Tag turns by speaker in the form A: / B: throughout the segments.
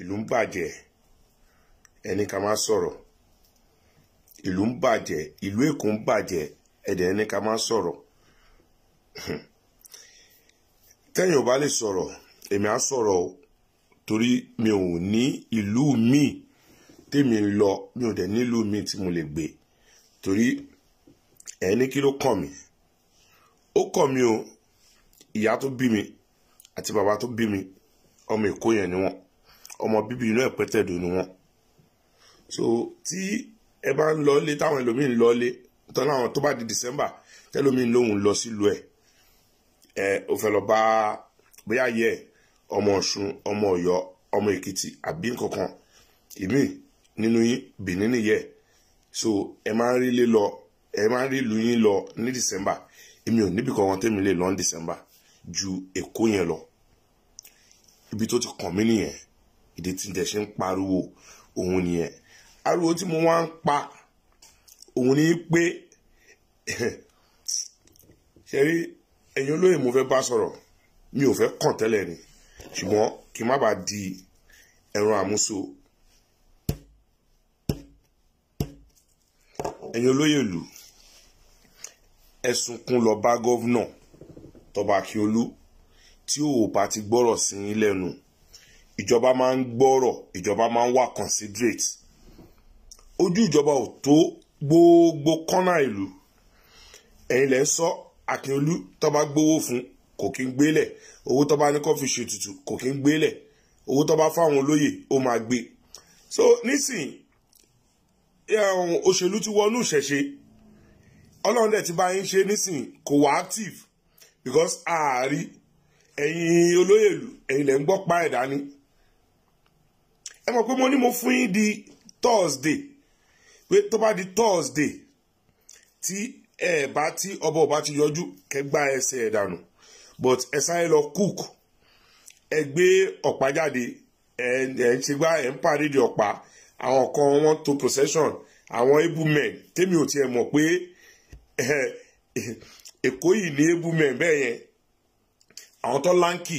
A: ìlú ń bàjẹ́ ẹni ká má sọ̀rọ̀ ìlú ń bàjẹ́ ìlú Èkó ń bàjẹ́ ẹ̀dẹ̀ ẹni ká má sọ̀rọ̀ tẹ́yìn ò bá lè sọ̀rọ̀ èmi á sọ̀rọ̀ o torí mi ò ní ìlú míì tèmi ń lọ mi ò dẹ̀ nílùú míì tí mo lè gbé torí ẹni kí ló kàn mí ó kàn mí o ìyá tó bí mi àti bàbá tó bí mi ọmọ Èkó yẹn ni wọ́n ọmọ bíbí inú ẹ̀pẹ́tẹ̀dù ni wọ́n so tí ẹ bá ń lọlé táwọn ẹlòmíín lọlé tán láwọn tó bá di December tẹlòmíín lòun lọ sílùú ẹ ẹ ò fẹ́ lọ bá bóyá yẹ ọmọ Ọ̀ṣun ọmọ Ọ̀yọ́ ọmọ Èkìtì àbí nkankan ìmí nínú Benin nìyẹ so ẹ máa ń rí lé lọ ẹ máa ń rí ìlú yín lọ ní December èmi ò níbi kankan tẹ́mi lè lọ ní December ju Èkó yẹn lọ ibi tó ti kàn mí nìyẹn ìdí tí n tẹ̀ ṣe ń pariwo òun nìyẹn ariwo tí mo wá ń pa òun ni pé ṣe rí ẹ̀yin olóyè mo fẹ́ bá sọ̀rọ̀ mi ò fẹ́ kàn tẹ́lẹ̀ ni ṣùgbọ́n kí n má bàa di ẹran àmúso ẹ̀yin olóyè ìlú ẹ̀sùn kún lọ bá gọ́vnà Tọ́ba Akíọlú tí ò ti gbọ́rọ̀ sí yín lẹ́nu ìjọba máa ń gbọ́rọ̀ ìjọba máa ń wà considerate ojú ìjọba ò tó gbogbo kọ́nà ìlú ẹ̀yin lẹ́ ń sọ Akínolú tó bá gbowó fún kò kí ń gbélẹ̀ owó tó bá ní kó fi ṣètùtù kò kí ń gbélẹ̀ owó tó fáwọn olóyè ó máa gbé so nísìnyí um, òṣèlú ti wọnú ìṣẹ̀ṣe ọlọ́run dẹ̀ ti bá yín ṣe nísìnyí kò wá active because ààrí ẹ̀yin olóyèlú ẹ̀yin lẹ́ ń gbọ́ pa ẹ̀dá ni ẹ mọ̀ pé mo ní mo fún yín di Thursday pé tó bá di Thursday tí ẹ bá tí ọba ọba ti yọjú kẹgbà ẹsẹ̀ ẹ̀ dànù but ẹ sáré lọ cook ẹ gbé ọ̀pá jáde ẹ ẹ ń ṣe gbá ẹ ń pàdédé ọ̀pá àwọn kan wọn to procession àwọn able men tèmi ò tiẹ̀ mọ̀ pé eh, eh, èkó yìí ní able men bẹ́ẹ̀ yẹn àwọn tó láǹkì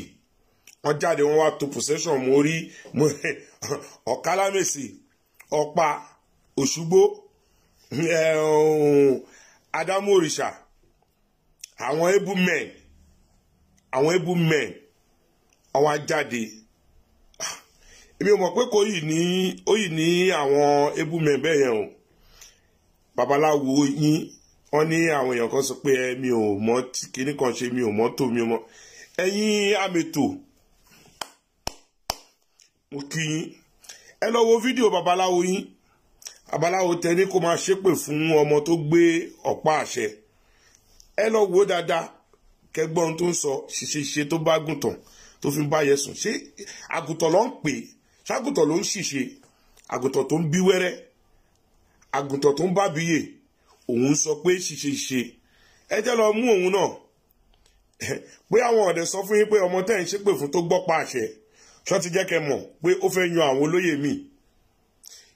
A: wọ́n jáde wọ́n wá to possession mo rí ọ̀kálámèsì ọ̀pá òṣùgbó adamu òrìṣà àwọn ebu men àwọn ebu men àwọn ajáde èmi ò mọ̀ pé kò yìí ní ó yìí ní àwọn ebu men bẹ́ẹ̀ yẹn o babaláwo yín wọ́n ní àwọn èèyàn kan sọ pé mi ò mọ̀ kíní kan ṣe mi ò mọ̀ tó mi mọ̀ ẹ̀yin àmètò. E mo kí yín ẹ lọ wo fídíò babaláwo yín babaláwo tẹ ní kó máa ṣépè fún ọmọ tó gbé ọ̀pá àṣẹ ẹ lọ wo dáadáa kẹgbọ́n tó ń sọ ṣìṣeṣe tó bá gùntàn tó fi ń bá yẹn sùn ṣé àgùntàn ló ń pè ṣàgùntàn ló ń ṣìṣe àgùntàn tó ń bí wẹ́rẹ́ àgùntàn tó ń bá bíyè òun sọ pé ṣìṣeṣe ẹ jẹ́ lọ mú òun náà pé àwọn ọ̀dẹ̀ sọ fún yín pé ọmọ tẹ́ ń ṣépè fún tó gbọ́pa àṣẹ ṣé wọ́n ti jẹ́ kẹ́ mọ̀ pé ó fẹ́ yan àwọn olóyè mi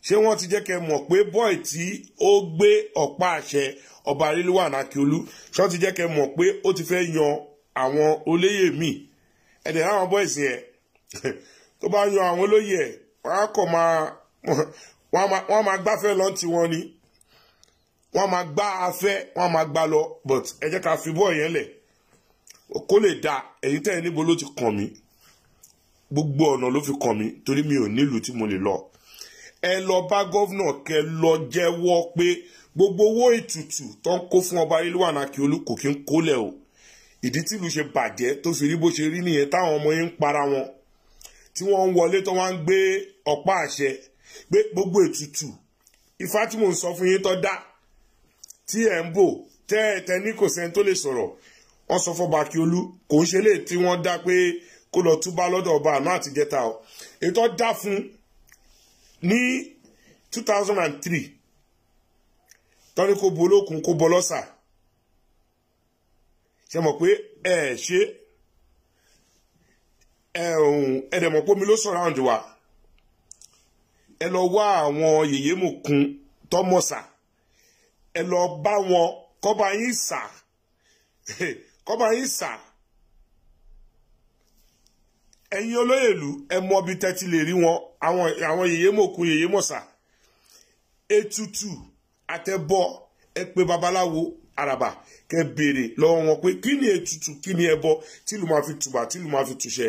A: ṣé wọ́n ti jẹ́ kẹ́ mọ̀ pé bọ́ì tí ó gbé ọ̀pá àṣẹ ọba arílùwà nàkíolú ṣé wọ́n ti jẹ́ kẹ́ mọ̀ pé ó ti fẹ́ yan àwọn olóyè mi ẹ̀dẹ̀ láwọn bọ́ìsì yẹn tó bá yan àwọn olóyè ẹ̀ wọ́n á kọ̀ máa wọ́n máa gbáfẹ́ lọ ti wọn ni wọ́n máa gbá afẹ́ wọ́n máa gbá lọ but ẹ jẹ́ ká fi bọ́ọ̀ yẹn lẹ̀ kó lè da èyí tẹ̀ níbo ló ti kàn mí gbogbo ọ̀nà ló fi kàn mí torí mi ò nílùú tí mo lè lọ ẹ lọ bá gọ́vnà kẹ lọ jẹ́wọ́ pé gbogbo owó ètùtù tó ń kó fún ọba Riliwan Akiolu kò kí ń kólẹ̀ o ìdí tìlú ṣe bàjẹ́ tó fi rí bó ṣe rí nìyẹn táwọn ọmọ yẹn ń para wọn tí wọ́n ń wọlé tó wá ń gbé ọ̀pá àṣẹ gbé gbogbo ètùtù ifá tí mò ń sọ fún yín tó dá tí ẹ̀ ń bò tẹ́ ẹ̀ tẹ́ ní kò sẹ́ni tó lè sọ̀rọ̀ wọ́n sọ fọ́ba Akiolu kò ń ṣe lè tí wọ́n dá pé kó lọ túbá lọ́dọ̀ ọba àná àti jẹta o èyí tó dá fún ní two thousand and three tọ́ni kó bo olókun kó bọ́ lọ́sà ṣe mọ̀ pé ẹ ṣe ẹ̀ẹ́dẹ̀mọ̀ pómi ló surround wa ẹ lọ wá àwọn yèyé mùkún tọmọsà ẹ lọ bá wọn kọba yín sà kọba yín sà ẹ̀yin olóyè ìlú ẹ mọ ibi tẹ́tí lè rí wọn àwọn àwọn yèyémọ̀kun yèyémọ̀sà ètùtù àtẹ̀bọ ẹ pé babaláwo àràbà kẹ béèrè lọ́wọ́ wọn pé kí ni ètùtù kí ni ẹbọ tìlù máa fi tùbà tìlù máa fi tùṣẹ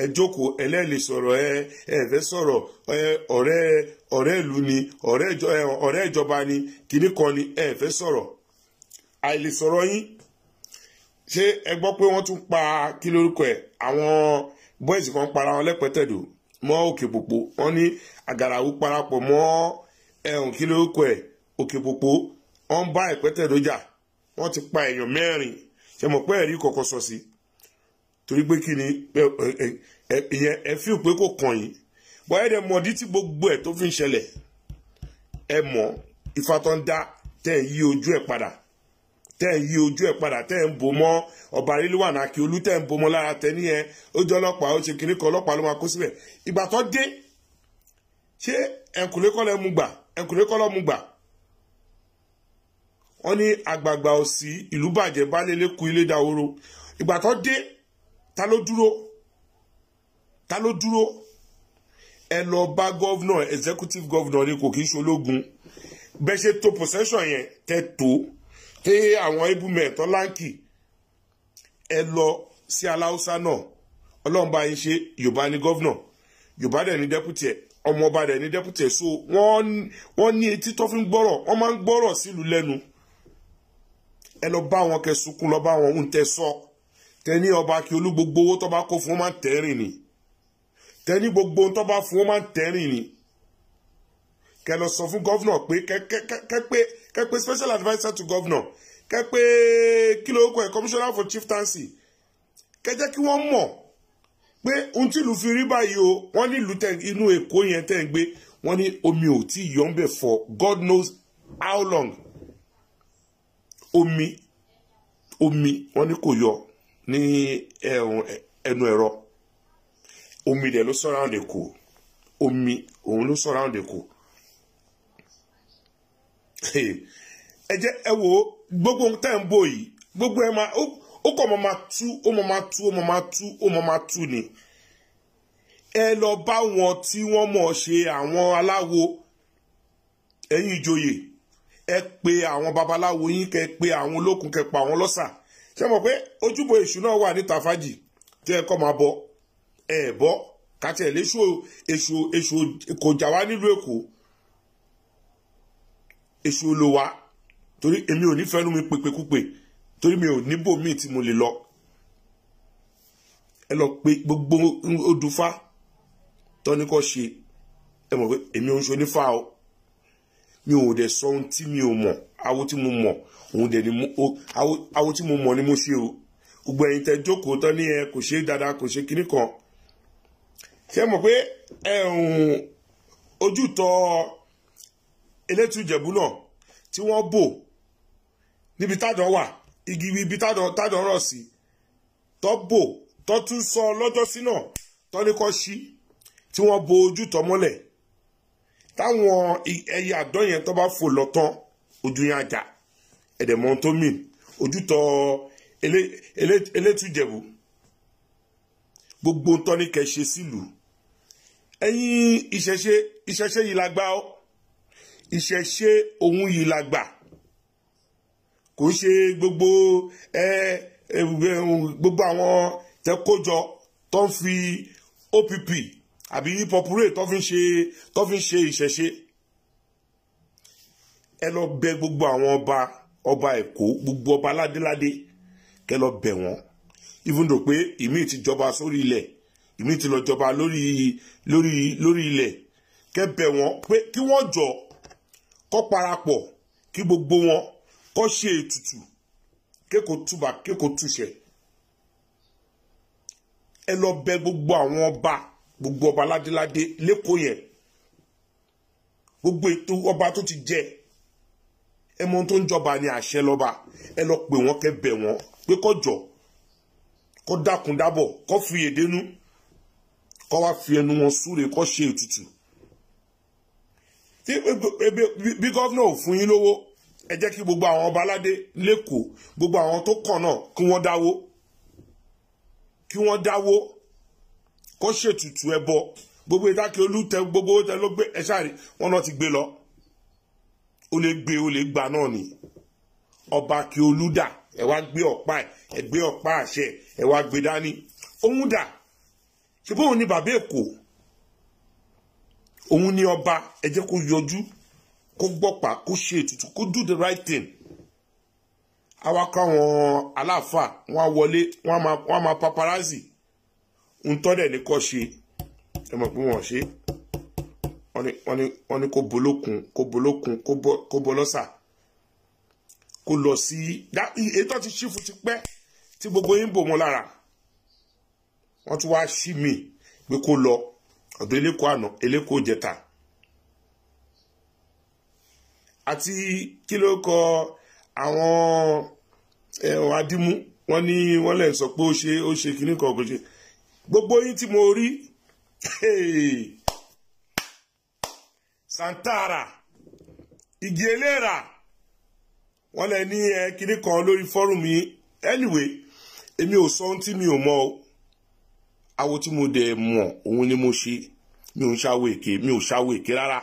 A: ẹ jókòó ẹlẹ́ẹ̀lẹ́ sọ̀rọ̀ ẹ ẹ sọ̀rọ̀ ẹ ọ̀rẹ́ ìlú ni ọ̀rẹ́ ìjọba ni kìíní kan ni ẹ sọ̀rọ̀ àìlè sọ̀rọ̀ yín ṣé ẹ gbọ́ pé wọ́n tún pa kí lórúkọ ẹ̀ àwọn boys kan para wọn lẹ́pẹ̀tẹ̀dò mọ́ òkè pòpò wọ́n ní àgàràwù parapọ̀ mọ́ ẹ̀hún kí lóko ẹ̀ òkè pòpò wọ́n bá ẹ̀pẹ̀tẹ̀dò jà wọ́n ti pa èèyàn mẹ́rin ṣe mọ̀ pé ẹ̀rí kọ̀ọ̀kan sọ sí torí pé kí ni ìyẹn ẹ fi pé kò kàn yín bọ́yá ẹ̀ mọ̀dí tí gbogbo ẹ̀ tó fi ń ṣẹlẹ̀ ẹ mọ̀ ìfatọ́ndá tẹ̀ yí ojú ẹ̀ padà tẹ́ ń yí ojú ẹ̀ padà tẹ́ ń bò mọ́ ọba Rilwan Akiolu tẹ́ ń bò mọ́ lára tẹ́ ní ẹ ó jẹ́ ọlọ́pàá ó ṣe kínní kan ọlọ́pàá ló máa kó síbẹ̀ ìgbà tó dé ṣé ẹ̀kúnlé kọ́ lẹ́ mu gbà ẹ̀kúnlé kọ́ lọ́ mu gbà wọ́n ní àgbààgbà òsì ìlú bàjẹ́ balẹ̀lẹ̀ ku ilé dàwóró ìgbà tó dé ta ló dúró ta ló dúró ẹ lọ bá gọ́vnọ̀ executive gọ́vnọ̀ ni kò kí ń ṣológun bẹ́ẹ̀ ṣe to possession yẹn tẹ́ tó tí àwọn ibùmẹ̀ tán láǹkì ẹ lọ sí aláùsá náà ọlọ́run bá yín ṣe yorùbá ni gọ́vnà yorùbá dẹ̀ ní dẹ́pútì ẹ̀ ọmọọba dẹ̀ ní dẹ́pútì ẹ̀ so wọ́n ní etí tó fi ń gbọ́rọ̀ wọ́n máa ń gbọ́rọ̀ sílùú lẹ́nu ẹ lọ bá wọn kẹ sunkún lọ bá wọn ń tẹ sọ tẹ ọba kí olú gbogbo owó tó bá kó fún wọn máa tẹ́rìn ni tẹ gbogbo ohun tó bá fún wọn máa tẹ́rìn ni kẹ lọ sọ fún gọ́vnọ̀ pé kẹ pé special adviser to governor kẹ pé kí ló kọ ẹ commissioner for chieftaincy kẹ jẹ́ kí wọ́n mọ̀ pé ohun tí ìlú fi rí báyìí o wọ́n ní ìlú inú èkó yẹn tẹ̀ ń gbé wọ́n ní omi ò tí ì yọ̀ ń bẹ̀ for God knows how long omi omi wọ́n ní kò yọ ní ẹnu ẹ̀rọ omi dẹ̀ ló surround Èkó omi òun ló surround Èkó ẹ jẹ́ ẹ wo gbogbo ohun tẹ́ ń bò yìí gbogbo ẹ máa ó kọ̀ mọ́ máa tú ó mọ́ máa tú ó mọ́ máa tú ó mọ́ máa tú ni ẹ lọ bá wọn tí wọ́n mọ̀ ṣe àwọn aláwo ẹ̀yin ìjòyè ẹ pe àwọn babaláwo yín kẹ pe àwọn olókun kẹ pa àwọn lọ́sà ṣé mọ̀ pé ojúbọ èṣù náà wà ní tàfájì tí ẹ kọ́ máa bọ ẹ bọ́ kàtẹ́ lẹ́ṣù èṣù kò jà wá nílùú èkó èṣù ló wá torí èmi ò ní fẹ́nu mi pèpèkúpè torí mi ò níbò míì tí mo lè lọ ẹ lọ pé gbogbo odùfá tọ́ni kọ́ ṣe ẹ mọ̀ pé èmi ò ń ṣe onífá o mi ò dẹ̀ sọ ohun tí mi ò mọ̀ awo tí mo mọ̀ òun dẹ̀ ni awo tí mo mọ̀ ni mo ṣe o gbogbo ẹ̀yin tẹ́ jókòó tán ní ẹ kò ṣe dáadáa kò ṣe kinní kan ṣé mọ̀ pé ẹ̀hún ojútọ̀ elétú ìjẹ̀bú náà tí wọ́n bò níbi tádàn wà igi ibi tádàn rọ̀ sí tó bò tó tún sọ lọ́jọ́sí náà tó ní kó ṣí tí wọ́n bo ojú tọ́ mọ́lẹ̀ táwọn ẹyẹ àdán yẹn tó bá fò lọ tán ojú yẹn àjà ẹ̀dẹ̀mọ́ tó mìn ojú tọ́ elétú ìjẹ̀bú gbogbo ntọ́ ní kẹ́ ṣe sílùú ẹ̀yin ìṣẹ̀ṣe ìṣẹ̀ṣe yìí la gbá ọ́ ìṣẹ̀ṣe òun yìí la gbà kò ń ṣe gbogbo ẹ gbogbo àwọn tẹkójọ tó ń fi opp àbí popure tó fi ń ṣe tó fi ń ṣe ìṣẹ̀ṣe ẹ lọ bẹ̀ gbogbo àwọn ọba ọba èkó gbogbo ọba ládéládé kẹ lọ bẹ̀ wọ́n even though pé ìmí ti jọba sórí ilẹ̀ ìmí ti lọ jọba lórí lórí lórí ilẹ̀ kẹ bẹ̀ wọ́n pé kí wọ́n jọ kọ́ parapọ̀ kí gbogbo wọn kọ́ ṣe ètùtù kéko túbà kéko túṣẹ ẹ lọ bẹ̀ gbogbo àwọn ọba gbogbo ọba ládéládé lẹ́kọ̀ọ́ yẹn gbogbo ètò ọba tó ti jẹ ẹ mọ tó ń jọba ni àṣẹ lọba ẹ lọ pè wọn kẹ́ bẹ̀ wọn pé kó jọ kó dákun dábọ̀ kó fi èdè nú kó wá fi ẹnu wọn súre kó ṣe ètùtù tí eh, eh, bí gọ́vnà ò fún yín lówó ẹ jẹ́ kí gbogbo àwọn ọba aládé lẹ́kọ̀ọ́ gbogbo àwọn tó kàn náà kí wọ́n dáwó kí wọ́n dáwó kó ṣètùtù ẹbọ gbogbo ìdákẹ́ olùtẹ gbogbo ó tẹ ló gbé ẹ ṣáàrí wọn náà ti gbé lọ ó lè gbé ó lè gbà náà ni ọba kí olùdà ẹ wá gbé ọ̀pá ẹ gbé ọ̀pá àṣẹ ẹ wá gbé dání òun dà ṣùgbọ́n òun ni bàbá èkó òun ni ọba ẹ jẹ́ kó yọjú kó gbọ́pàá kó ṣe ètùtù kó do the right thing awakọ àwọn aláàfáà wọn á wọlé wọn á máa paparazzi ń tọ́dẹ̀ ní kọ́ ṣe ẹ mọ̀ pé wọ́n ṣe wọ́n ní kó bolókun kó bolókun kó bọ́lọ́sà kó lọ sí ètò ti ṣífù ti pẹ́ tí gbogbo yín bò mọ́ lára wọ́n tún wá sí mi pé kó lọ ọ̀dọ̀ eléko àná eléko jẹta àti kí ló kọ àwọn ẹ̀wọ̀n adímú wọ́n ní wọ́n lè sọ pé ó ṣe ó ṣe kíní kan kò ṣe gbogbo yín tí mo rí santara igi eléra wọ́n lè ní ẹ kíní kan lórí fọ́rùmù yín anyway èmi ò sọ ohun tí mi ò mọ̀ o awo tí mo dẹ̀ mọ̀ òun ni mo ṣe mi ò ń ṣàwọ̀ èké mi ò ṣàwọ̀ èké rárá